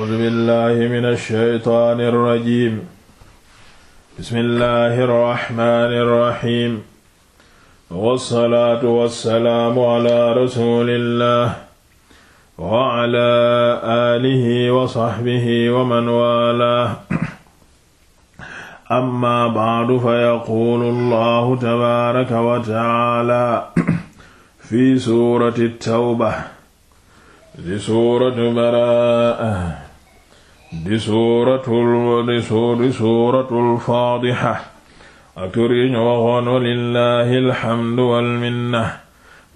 A'uuzu billaahi mina shaytaani rajiim. Bismillaahi rahmaani rahiim. Wassalaatu wassalaamu alaa rasuulillaah wa alaa aalihi wa sahbihi wa man waalaah. Ammaa ba'du fa yaquulu Allaahu tabaaraka wa ta'aalaa fi suurati Tawba. di suuratu Baraa'a di suuratul di suuratul faadiha ak tur yi ñu waxoon walillahi alhamdu walminna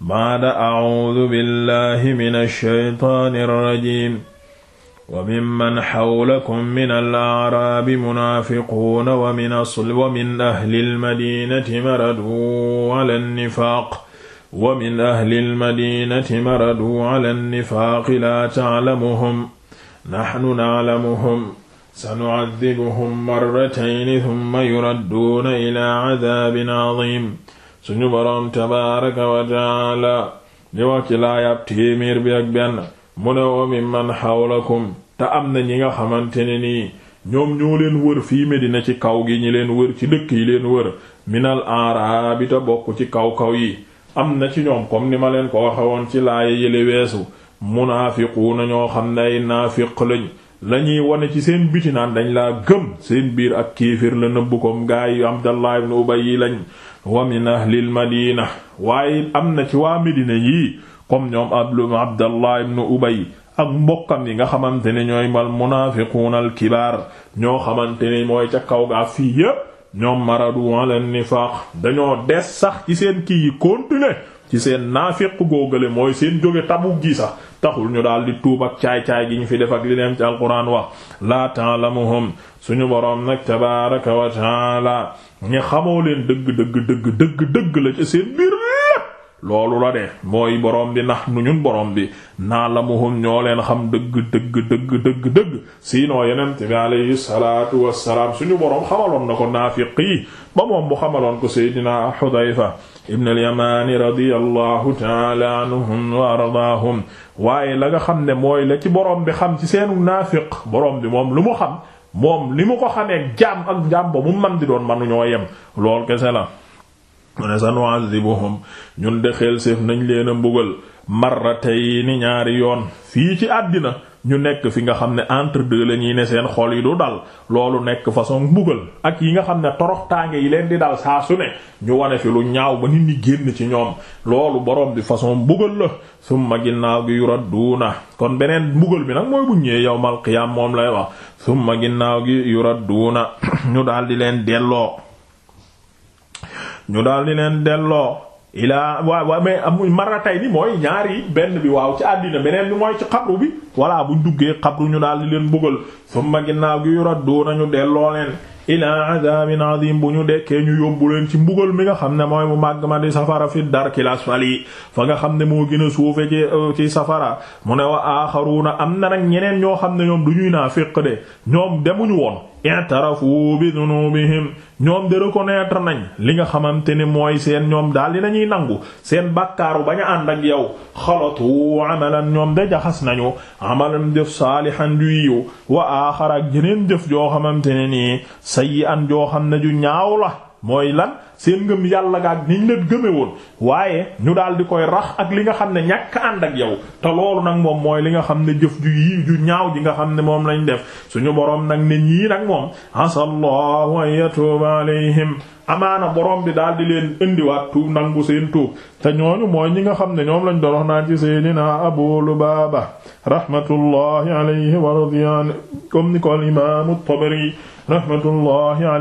baada acuudu billahi min alshaytaani alrajim wa mimman xawlakum min alacraabi munaafiquuna wa min wa min ahli almadinati maradu cala annifaaq wa min ahli almadinati maradu cala annifaaqi laa taclamuhum naxnu naalamuhum sanucadibuhum marratayni tumma yuradduuna ilaa cadaabin cadiim suñu boroom tabaaraka wa tacaala di wax ci laayab bi ak benn mu ne wa mimman xawlakum te am na ñi nga xamante ne nii ñoom ñoo leen wër fii Medina ci kaw gi ñi leen wër ci dëkk yi leen wër minal aaraabita bokk ci kaw kaw yi am na ci ñoom comme ni ma leen ko waxe woon ci laaya yële weesu munaafiquuna ñoo xam ne ay naafiq lañuy wone ci seen biti naan dañ laa gëm seen biir ak kéefir la nëbbu kom gaay yu Abdallah ibn Ubay yi lañ waaye am na ci waa Medina yi comme ñoom ablu Abdallah ibn ak mbokkam yi nga xamante ne ñooy mal munaafiquuna al ñoo xamante ne mooy ca kaw gaa fii yépp ñoom maradu ala nifaaq dañoo des sax ci seen kii yi continuer ci seen naafiq góogale mooy seen jóge Tabuk gi sax taxul ñu daal di tuub ak caay-caay gi ñu fi def ak li neem ci alquran wax laa ta'lamuhum suñu boroom nag tabaaraka wa ta'ala ñu xamoo leen dëgg dëgg dëgg dëgg dëgg la ci seen biir loolu la de mooy borom bi nax nu ñun borom bi naa la muhum ñoo leen xam dëgg dëgg dëgg dëgg dëgg siinoo yeneen bi alayhi salaatu wassalaam suñu borom xamaloon na ko naafiq yi ba moom bu xamaloon ko seydina Xudayfa ibn al-Yamaani radiyallahu taala anhum wa ardaahum waaye la nga xam ne mooy la ci borom bi xam ci seenu naafiq borom bi moom lu mu xam moom li mu ko xamee jaam ak jaam ba mu man di doon manu ñoo yem lool kese la mu ne sa nu'azibuhum ñun de xel séef nañ leen a mbugal marratayni ñaari yoon fii ci àddina ñu nekk fi nga xam ne entre deux la ñuy ne seen xol yi du dal loolu nekk façon mbugal ak yi nga xam ne toroxtaange yi leen di dal saa su ne ñu wane fi lu ñaaw ba nit ñi génn ci ñoom loolu borom bi façon mbugal la summa ginnaaw gi yuradduuna kon beneen mbugal bi nag mooy bu ñëwee yawmal qiyaam moom lay wax summa ginnaaw gi yuradduuna ñu daal di leen delloo. ñu daal di leen delloo ilaa waa waaw mais amuñ marratayni mooy ñaari benn bi waaw ci àddina beneen bi mooy ci xabru bi walla bu duggee xabru ñu daal di leen bëggal summa ginnaaw gi yuraddu nañu delloo leen ilaa adabin adim bu ñu dekkee ñu yóbbu leen ci mbugal mi nga xam ne mooy mu màgg ma di safara fi darkil asfali fa nga xam ne moo gën a suufe ci euh, ci safara mu ne wa na am na nag ñeneen ñoo xam ne ñoom du ñuy naa féq de ñoom demuñu woon i'tarafu bi dunubihim ñoom de reconnaître nañ li nga xamante ne mooy seen ñoom daal di nañuy nangu seen bakkaaru bañ a ànd ak yow xalatu amalan ñoom de jaxas nañu amalan jëf saalihan ju yiw wa aaxar ak jeneen jëf joo xamante ne nii sayyi'an joo xam ne ju ñaaw la mooy lan seen ngëm yàlla ga ak niñ leen gëme woon waaye ñu daal di koy rax ak li nga xam ne ñàkk ànd ak yow te loolu nag moom mooy li nga xam ne jëf ju yi ju ñaaw ji nga xam ne moom lañ def suñu boroom nag ne ñii nag moom asallahu an yatuba alayhim amaana boroom bi daal di leen indiwaat tuub nangu seen tuub te ñooñu mooy ñi nga xam ne ñoom lañ doon naa naan ci seydina abu lubaaba rahmatullahi alayhi wa radiyaan comme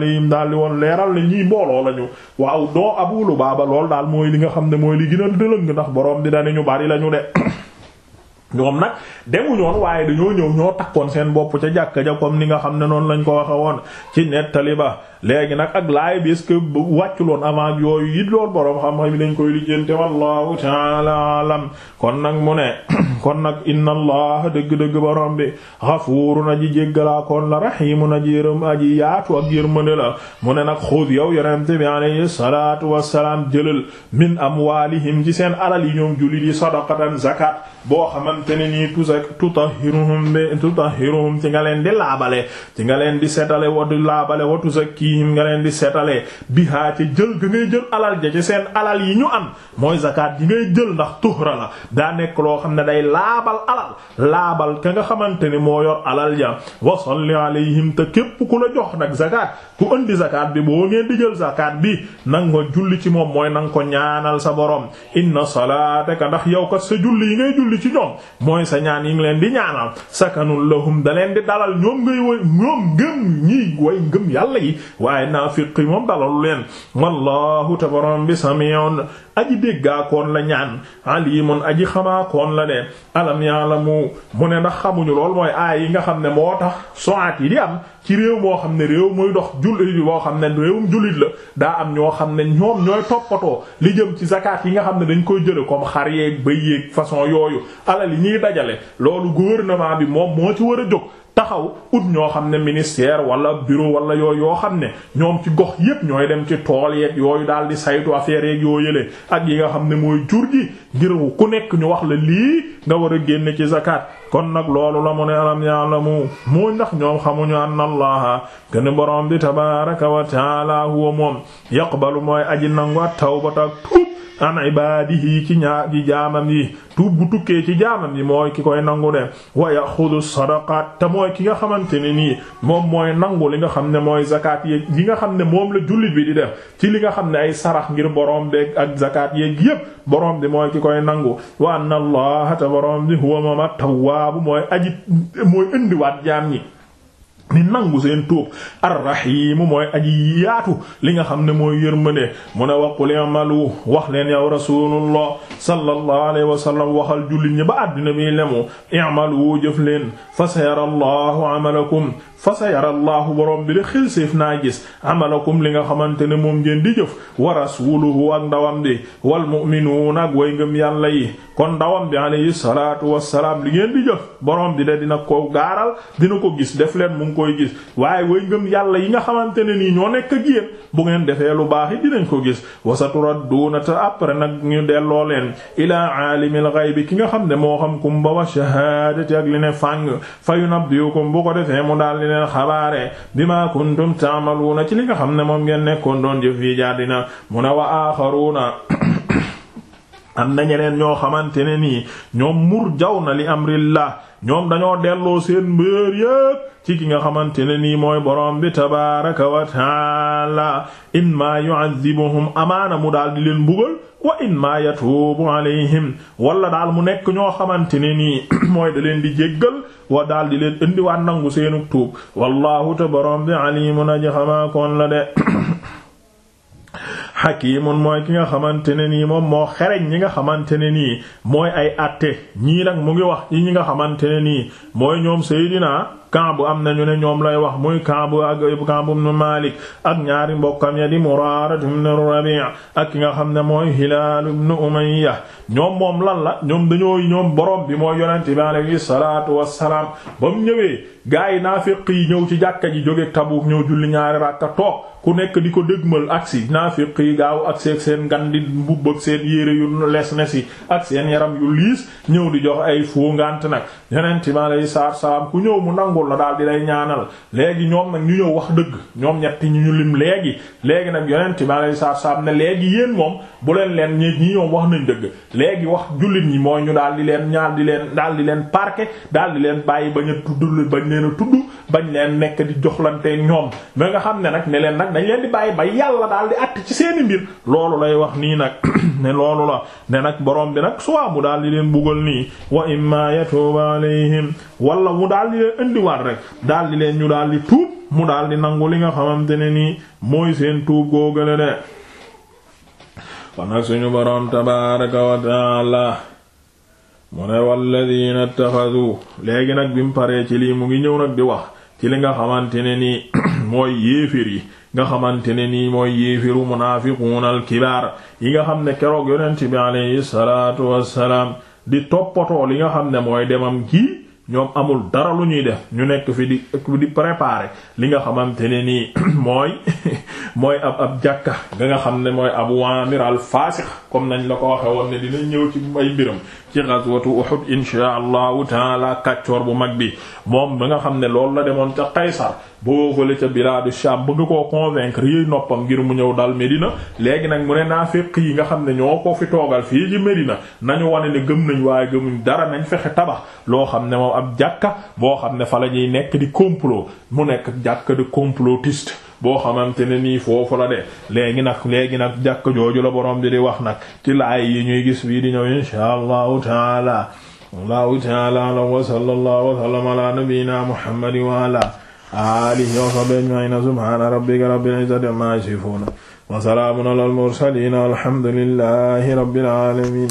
ni daal di woon leeral ne ñii mbooloo lañu waaw doo Abu Lubaaba lool daal mooy li nga xam ne mooy li gën a dëlëng ndax borom bi dañu ñu bari lañu de ñoom nag demu ñoon waaye dañoo ñëw ñoo takkoon seen bopp ca jàkka ja comme ni nga xam ne noonu lañ ko waxe woon ci nettali ba léegi nag ak laay bi est-ce que wàcculoon yooyu it loolu boroom xam-xam yi dañ koy lijjante wallahu taala alam kon nag mu ne kon nag inna allah dëgg-dëgg borom bi xafuuru na ji jéggalaa kon la rahimu na ji yërëm aji yaatu ak yërmande la mu ne nag xud yow yonente bi alayhi salaatu wassalaam jëlal min amwaalihim ci seen alal yi ñoom jullit yi sadaqatan zakat boo xamante ne nii tusak tutahiruhum bi tutahiruhum ci nga leen di laabale ci nga leen di setale wa di laabale wa aydihim nga leen di seetalee bihaa ca jël ga ngay jël alal ja ci seen alal yi ñu am mooy zakat yi ngay jël ndax tuhra la daa nekk loo xam ne day laabal alal laabal ka nga xamante ne moo yor alal ja wasalli alayhim te képp ku la jox nag zakat ku indi zakat bi boo ngeen di jël zakat bi nang nga julli ci moom mooy nang ko ñaanal sa borom inna salaataka ndax yow ko sa julli yi ngay julli ci ñoom mooy sa ñaan yi ngi leen di ñaanal sakanul da leen di dalal ñoom ngay woy ñoom ngëm yàlla yi waaye naafiq yi moom dalalu leen wallahu tabaram bi sami'un aji déggaakoon la ñaan alimun aji xamaakoon la de alam ya'lamu mu ne ndax xamuñu lool mooy aay yi nga xam ne moo tax soaat yi di am ci réew moo xam ne réew muy dox jullit boo xam ne réewum jullit la daa am ñoo xam ne ñoom ñooy toppatoo li jëm ci zakat yi nga xam ne dañ koy jële comme xar yeeg bëy yeeg façon yooyu alal yi ñuy dajale loolu gouvernement bi moom moo ci war a jóg taxaw ut ñoo xam ne ministère wala bureau walla yooyu yoo xam ne ñoom ci gox yépp ñooy dem ci tool yeeg yooyu daal di saytu affaire yoo yële ak yi nga xam ne mooy jur gi ngir ku nekk ñu wax la lii nga war a génne ci sakaat kon nag loolu la mu ne alam mu moo ndax ñoom xamuñu anna allaha gën borom bi tabaraka wa taala huwa moom yaqbalu mooy aji nangu at tawbata tuub an ibaadihi ci ñaa ci jaamam yi tuub bu tukkee ci jaamam yi mooy ki koy nangu ne wa yaxudu sadaqaat te mooy ki nga xamante ne nii moom mooy nangu li nga xam ne mooy zakat yeeg yi nga xam ne moom la jullit bi di dem ci li nga xam ne ay sarax ngir borom beeg ak zakat yeeg yépp borom bi mooy ki koy nangu wa anna allaha ta borom bi huwa moom at mooy aji mooy indiwaat jaam ñi ni nangu seen tuub arrahimu mooy aji yaatu li nga xam ne mooy yërmande mu ne waqul i'malu wax leen yow rasulullah sallallahu alayhi wa sallam waxal jullit ñi ba àddina bi lemu i'malu jëf leen fa sayara allahu amalakum fa sayara allahu borom bi de xil séef naa gis amalakum li nga xamante ne moom ngeen di jëf wa rasuluhu ak ndawam bi wal mu'minuuna ak way ngëm yàlla yi kon ndawam bi alayhi salatu wassalaam li ngeen di jëf borom bi de dina ko gaaral koy gis waaye way ngëm yàlla yi nga xamante ne nii ñoo nekk ak yéen bu ngeen defee lu baax yi dinañ ko gis wasaturadduuna te après nag ñu delloo leen ilaa aalimil ghaybi ki nga xam ne moo xam kumba wa shahaadati ak li ne fàng fa yunabbiukum bu ko defee mu daal di leen xabaare ma kuntum taamaluuna ci li nga xam ne moom ngeen nekkoon doon jëf yi jaadina mu ne wa aaxaruuna am na ñeneen ñoo xamante ne nii ñoom mur jaw na li amrillah ñoom dañoo delloo seen ci ki nga xamante ne nii mooy borom bi tabaaraka wa taala imma yu'adhibuhum amaana mu daal di leen mbugal wa imma yatuubu alayhim wala daal mu nekk ñoo xamante ne nii mooy da leen di jéggal wa daal di leen indiwaat nangu seenu tuub wallahu te borom bi alimun aji xamaa koon la de hakimun mooy ki nga xamante ne nii moom moo ñi nga xamante ne nii mooy ay atte ñii nag mu ngi wax ci ñi nga xamante ne nii mooy ñoom Seydina Kaabu am nañu ne ñoom lay wax muy Kaabu ak Kaabu ibn Malik ak ñaari mbokka ya di Muraara ibn Rabi' ak ki nga xam ne mooy Hilaal ibn Umayya ñoom moom lan la ñoom dañoo ñoom borom bi mooy yonent bi alayhi salaatu wassalaam ba mu ñëwee gaa yi naafiq yi ñëw ci jàkka ji jóge Tabuk ñëw julli ñaari rakka toog ku nekk di ko dégmal aksi naafiq yi gaaw ak seen ngan di mbubb ak seen yére yu les ne si ak seen yaram yu liis ñëw di jox ay foo ngant nag yeneen ci ma lay saar saam ku ñëw mu nangul la daal di lay ñaanal léegi ñoom nag ñu ñëw wax dëgg ñoom ñetti ñu lim léegi léegi nag yeneen ci ma lay saar saam ne léegi yéen moom bu leen leen ñi ñi ñoom wax nañ dëgg léegi wax jullit ñi mooy ñu daal di leen ñaar di leen daal di leen parqué daal di leen bàyyi bañ a tudd bañ leen a tudd bañ leen nekk di joxlante ñoom ba nga xam ne nag ne leen nag nañ leen di bàyyi ba yàlla daal di att ci seeni mbir loolu lay wax nii nag ne loolu la ne nag boroom bi nag soit mu daal di leen buggal nii wa imma yatuba alayhim wala mu daal leen indiwaat rek daal di leen ñu daal di tuub mu daal di nangu li nga xamante ne nii mooy seen tuub koo gële de kon suñu boroom tabaraka wa taala mu ne walladina ittaxadu léegi nag bi mu paree ci lii mu ngi ñëw nag di wax ci li nga xamante ne nii mooy yéeféer yi nga xamante ne nii mooy yéeféeru munaafiquun alkibaar yi nga xam ne keroog yonent bi alayhi salaatu wassalaam di toppatoo li nga xam ne mooy demam gi ñoom amul dara lu ñuy def ñu nekk fi di di li nga xamante ne nii mooy mooy ab ab jàkka ga nga xam ne mooy abu amir al faasix comme nañ la ko waxe woon ne dinañ ñëw ci ay mbiram ci ghazwatu uhud insha allahu taala kàccoor bu mag bi moom ba nga xam ne loolu la demoon ca qaysar boo fële ca biladu sham bëgg koo convaincre yi noppam ngir mu ñëw dal Medina léegi nag mu ne naafiq yi nga xam ne ñoo ko fi toogal fii ci Medina nañu wane ne gëm nañ waaye ab jàkka boo xam ne fa la ñuy nekk di complot mu nekk jàkka di complotiste boo xamante ne nii foofu la de léegi nag léegi nag jàkka jooju la borom bi di wax nag ci laay yi ñuy gis bii di ñëw insha allahu taala allahu taala alam wa sallallahu wa sallam ala nabiyyina muhammad wa ala alihi wa sahbihi ajma'ina subhana rabbika rabbil izzati amma yasifuna wa salaamun alal mursaliin walhamdulillahi rabbil alamin